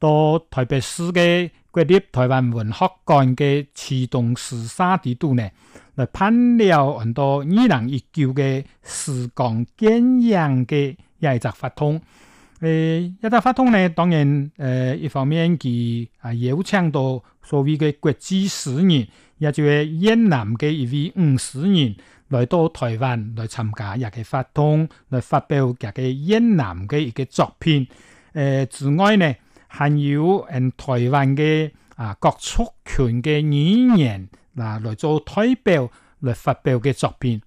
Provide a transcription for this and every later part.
到台北市嘅國立台灣文學館嘅池東樹三度呢，嚟判了很多耳熟能詳嘅時光驚艷嘅一集法通。誒、呃，一集發通呢，當然誒、呃，一方面佢啊，有請到所謂嘅國際詩人，也就係越南嘅一位吳詩人，嚟到台灣嚟參加，一集法通嚟發表佢嘅越南嘅一個作品。誒、呃，此外呢？係有誒台灣嘅啊各族群嘅語言嗱來做推表嚟發表嘅作品，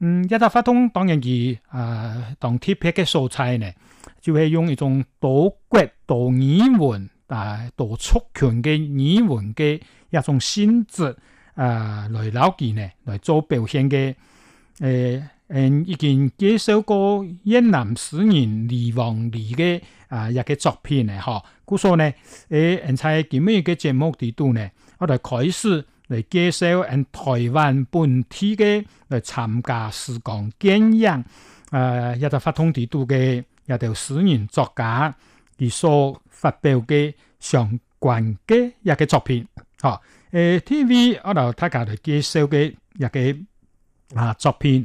嗯，一啲發通當然以誒、啊、當特別嘅素材咧，就係用一種多國多語言啊多族群嘅語言嘅一種先字啊來攪結咧，嚟做表現嘅誒。呃嗯，已經介紹過越南詩人李黃李嘅啊，一、呃這個作品咧，嗬。故所呢，誒、呃，喺、嗯、今日嘅節目度呢，我哋開始嚟介紹誒台灣本地嘅嚟參加時光揭陽，誒一個發通地度嘅一個詩人作家，其所發表嘅相關嘅一、這個作品，嗬。誒、呃、TV 我哋睇下嚟介紹嘅一個啊作品。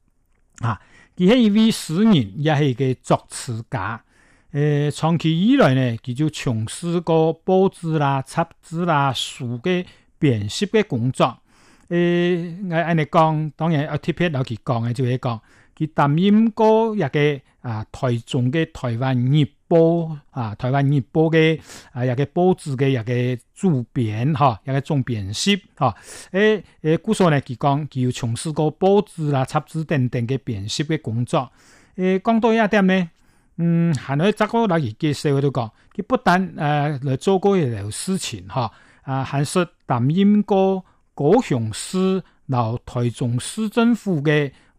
吓、啊，佢係一位詩人，也係個作詞家。誒、呃，長期以來呢，佢就從事過報紙啦、雜誌啦、書嘅編輯嘅工作。誒、呃，我按你講，當然要特別到佢講嘅就係講，佢擔任過一個啊台中嘅台灣報啊，台灣日報嘅，啊，又嘅報紙嘅，又嘅主編吓，又嘅總編輯吓，誒誒，古、啊、叔、啊啊、呢？佢講佢有從事過報紙啦、雜誌等等嘅編輯嘅工作。誒、啊，講到一點呢，嗯，喺呢個社會度講，佢不但誒嚟做過呢類事情吓，啊，還是擔任過高雄市、然後台中市政府嘅。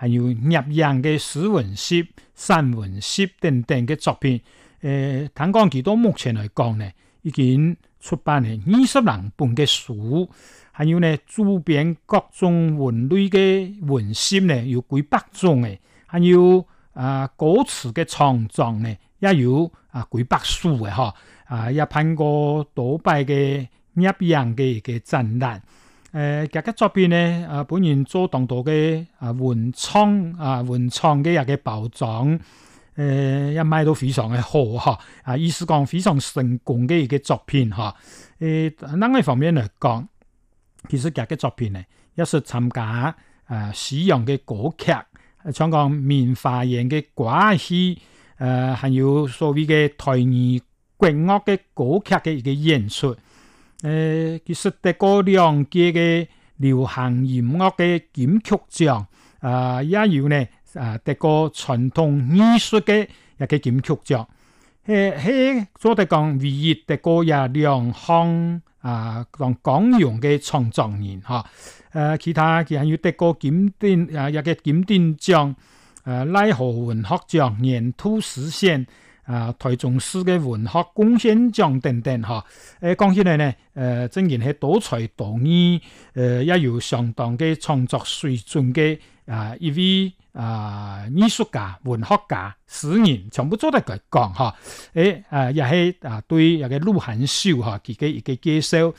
還有攝影的詩文集、散文集等等的作品。誒，坦講計到目前來講咧，已經出版了二十多本的書，還有咧，主編各種文類的文集咧，有幾百種，嘅。還有啊，歌、呃、詞的創作咧，也有啊，幾百首嘅嚇。啊，也辦過多擺嘅攝影嘅嘅展覽。誒、呃，夾克作品咧，啊，本人做動作嘅啊，文創啊，文創嘅日嘅包裝，誒，一賣都非常嘅好嗬，啊，意思講非常成功嘅一個作品吓。誒、呃，另一方面嚟講，其實夾克作品咧，一是參加誒、啊、使用嘅古劇，誒，香港棉花言嘅寡戲，誒、呃，還有所謂嘅台語國樂嘅古劇嘅一個演出。誒、呃，其實得過兩屆嘅流行音樂嘅金曲獎，啊、呃，也有呢，啊，得過傳統藝術嘅又嘅金曲獎，係係，我哋講唯一得過有兩項、呃呃，啊，講講用嘅創作人嗬，誒、呃，其他其實還有得過金典，啊，又嘅金典獎，誒，賴和文學獎，年度實現。啊！台中市嘅文學貢獻獎等等，哈、啊！誒，講起嚟呢，誒、呃，真係係多才多藝，誒、呃，也有相當嘅創作水準嘅啊，一位啊藝術家、文學家，詩人，全部做得佢講，哈！誒，啊，也係啊，對，啊對啊啊一個路寒袖哈，自、啊、己一個介紹，誒、啊，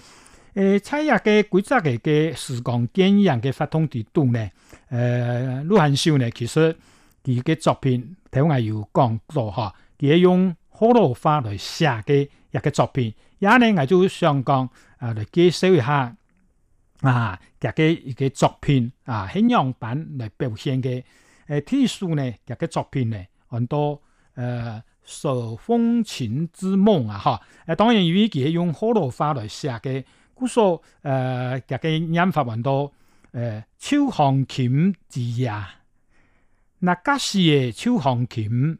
睇下嘅規則嘅嘅時光簡驗嘅發通啲動呢，誒，路寒袖呢，其實佢嘅作品，睇我有講過，哈、啊。佢用河洛話來寫嘅一個作品，也咧我做上講啊來介紹一下啊，佢、這個一個作品啊，係樣板來表現嘅。誒、呃，題數呢，佢、這個作品呢，很多誒，手、呃、風琴之夢啊，吓！誒、呃，當然因為佢用河洛話來寫嘅，咁所以誒，佢、呃這個念法很多誒、呃，秋風琴之夜，那家是誒秋風琴。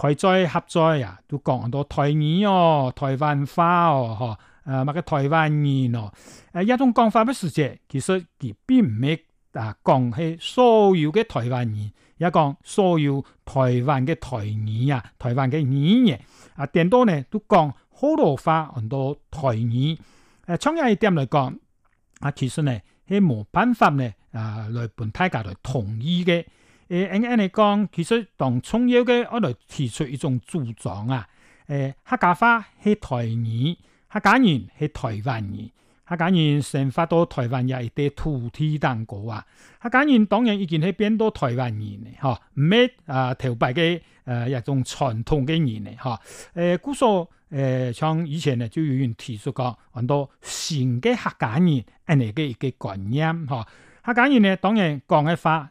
佢再合在啊，都講到台語哦，台灣話哦，嚇、啊，誒乜嘅台灣語咯、哦，誒、啊、一種講法不實際，其實佢並唔係啊講係所有嘅台灣語，亦、啊、講所有台灣嘅台語啊，台灣嘅語言嘅，啊，頂多呢都講好多話，很多台語。誒、啊，從呢一點嚟講，啊，其實呢係冇辦法呢啊來本睇佢來同意嘅。呃、誒，應該嚟講，其實黨中央嘅我哋提出一種主張啊，誒、呃，客家話係台語，客家人係台灣語，客家人成發到台灣又係啲土地方國啊，客家人當然已經係變到台灣語呢，嚇，唔係啊，頭擺嘅誒一種傳統嘅語言嚇。誒，故所誒，像以前呢，就有人提出過很多新嘅客家語，誒，嚟嘅一個觀念嚇，客家人呢當然講嘅話。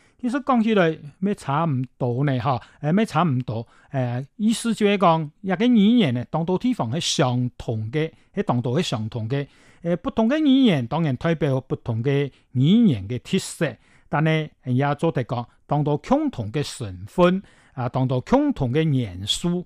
其實講起來咩差唔多呢？吓，誒咩差唔多，誒、呃、意思就係講，一個語言呢，當到地方係相同嘅，係當到係相同嘅，誒、呃、不同嘅語言當然代表不同嘅語言嘅特色，但係人也做得講，當到共同嘅成分，啊，當到共同嘅元素。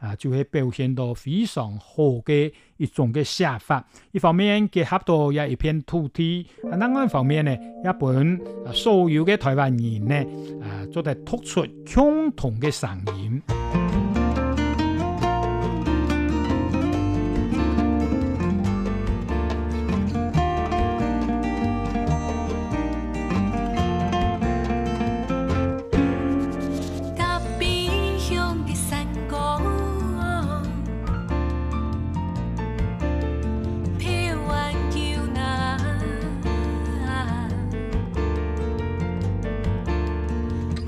啊，就會表現到非常好嘅一種嘅寫法。一方面，結合到一片土地；啊，另外一方面呢，一本啊，所有嘅台灣人呢，啊，都在突出相同嘅聲音。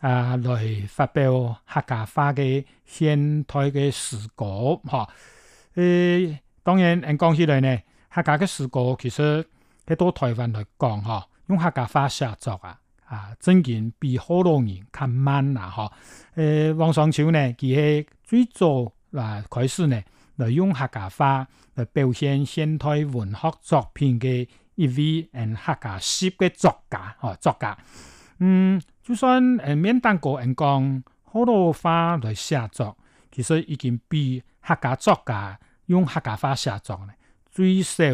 啊，來發表客家話嘅現代嘅詩歌，吓誒、呃，當然講起來呢，客家嘅詩歌其實喺台灣嚟講，吓用客家話寫作啊，啊，仍然比好多人較慢啦，吓誒、呃，王雙秋呢，佢係最早嗱、啊、開始呢，嚟用客家話嚟表現現代文學作品嘅一位誒客家式嘅作家，吓作家，嗯。就算誒免、呃、當過人講好多話來寫作，其實已經比客家作家用客家話寫作呢最少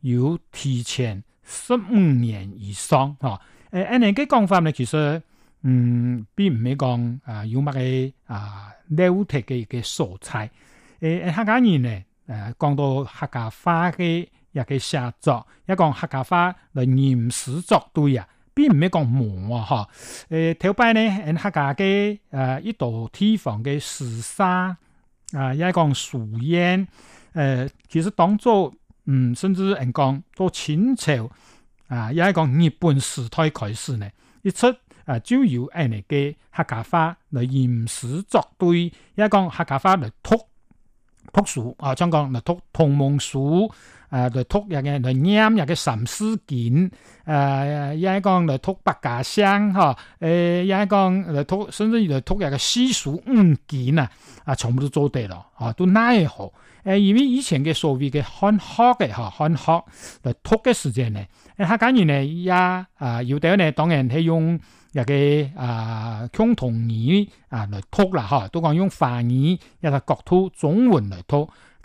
要提前十五年以上嚇。誒按你咁講法呢，其實嗯並唔係講啊有乜嘅啊 new 特嘅個素材。誒、呃，客家人呢，誒、呃、講到客家話嘅入去寫作，一講客家話嚟吟詩作對啊。並唔係講忙啊？哈、呃！誒，頭擺呢喺客家嘅誒呢度提防嘅時沙，啊、呃，也係講書院，誒、呃，其實當初，嗯，甚至誒講做清朝，啊，也係講日本時代開始呢，一出啊，就要誒你嘅客家話嚟吟詩作對，也係講客家話嚟托托書，啊，聽講嚟托同盟書。誒嚟讀入嘅嚟唸入嘅沉思件，誒，也講嚟讀百家姓哈，誒，也講嚟讀甚至於嚟讀入嘅私塾五件啊，啊，全部都做得咯，啊，都奈何，誒，因為以前嘅所謂嘅漢學嘅嚇漢學嚟讀嘅時間咧，佢假如咧也啊，要點咧，當然係用入嘅啊，共同語啊來讀啦哈，都講用法語一個國土中文來讀。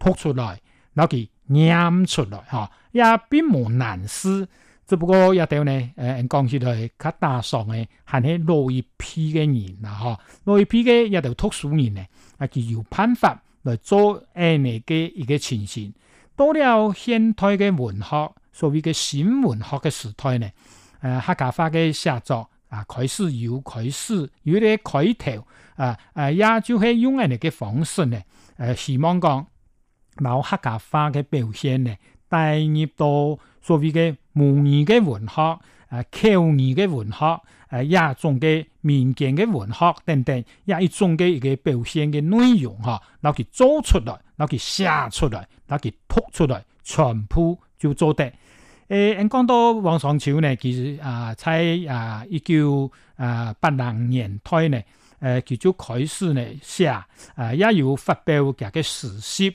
撲出來，攞佢念出來，嚇也並無難事，只不過，也啲呢，誒江西台較單純嘅還係落一批嘅人啦，嚇落一批嘅一啲特殊人呢，啊佢有辦法嚟做誒呢嘅一個情形。到了現代嘅文學，所謂嘅新文學嘅時代呢，誒客家話嘅寫作啊，開始有開始有啲開頭啊，啊，啊也就係用誒呢嘅方式呢、呃，希望講。冇客家話嘅表現呢？帶入到所謂嘅母語嘅文學，誒、啊，口語嘅文學，誒、啊，一種嘅民間嘅文學等等，也一種嘅一個表現嘅內容，吓、啊，攞去做出來，攞去寫出來，攞去讀出來，全部就做得。誒、哎，講到王上朝呢，其實啊，喺啊一九啊八零年代呢，誒、啊，佢就開始呢寫，啊，也有發表嘅嘅詩實。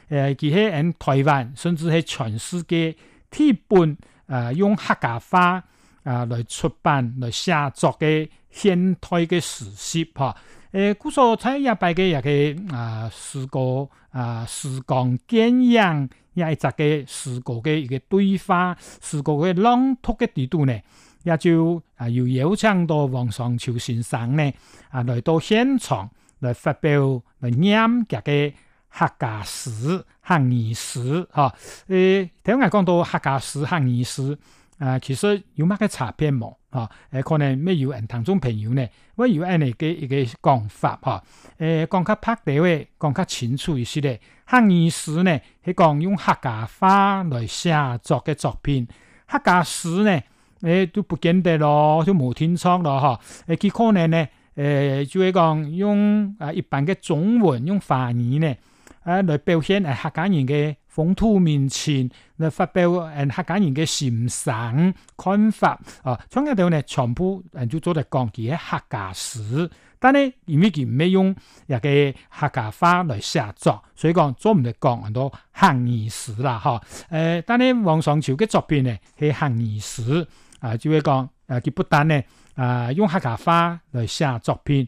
誒、呃，其實喺台灣，甚至喺全世界，添本啊用客家話啊、呃、來出版來寫作嘅現代嘅史詩哈。誒、啊呃，古所喺一百嘅一個啊詩歌啊詩歌讚揚，一集嘅詩歌嘅一個對話，詩歌嘅朗讀嘅程度呢，也就啊有邀請到王雙秋先生呢，啊來到現場來發表嚟念嘅。客家詩、漢詩，哈、哦，誒，頭先我講到客家詩、漢詩，啊、呃，其實有乜個差別冇？哈，誒，可能咩有人當中朋友呢，我有啱你嘅一個講法，哈、哦，誒，講較拍電話講較清楚一些咧。漢詩呢係講用客家話來寫作嘅作品，客家詩呢誒都不見得咯，就冇聽錯咯，哈，誒，佢可能呢，誒，就會講用啊一般嘅中文用法語呢。啊、呃，嚟表現誒客家人嘅風土面前，來發表誒客家人嘅思想看法。啊、呢全部、呃、就做講佢客家詩，但唔係用嘅客家話嚟寫作，所以做講做唔漢語詩啦，誒、呃，但王尚潮嘅作品呢係漢語詩，啊，就會講啊，佢不但呢啊、呃、用客家話嚟寫作品。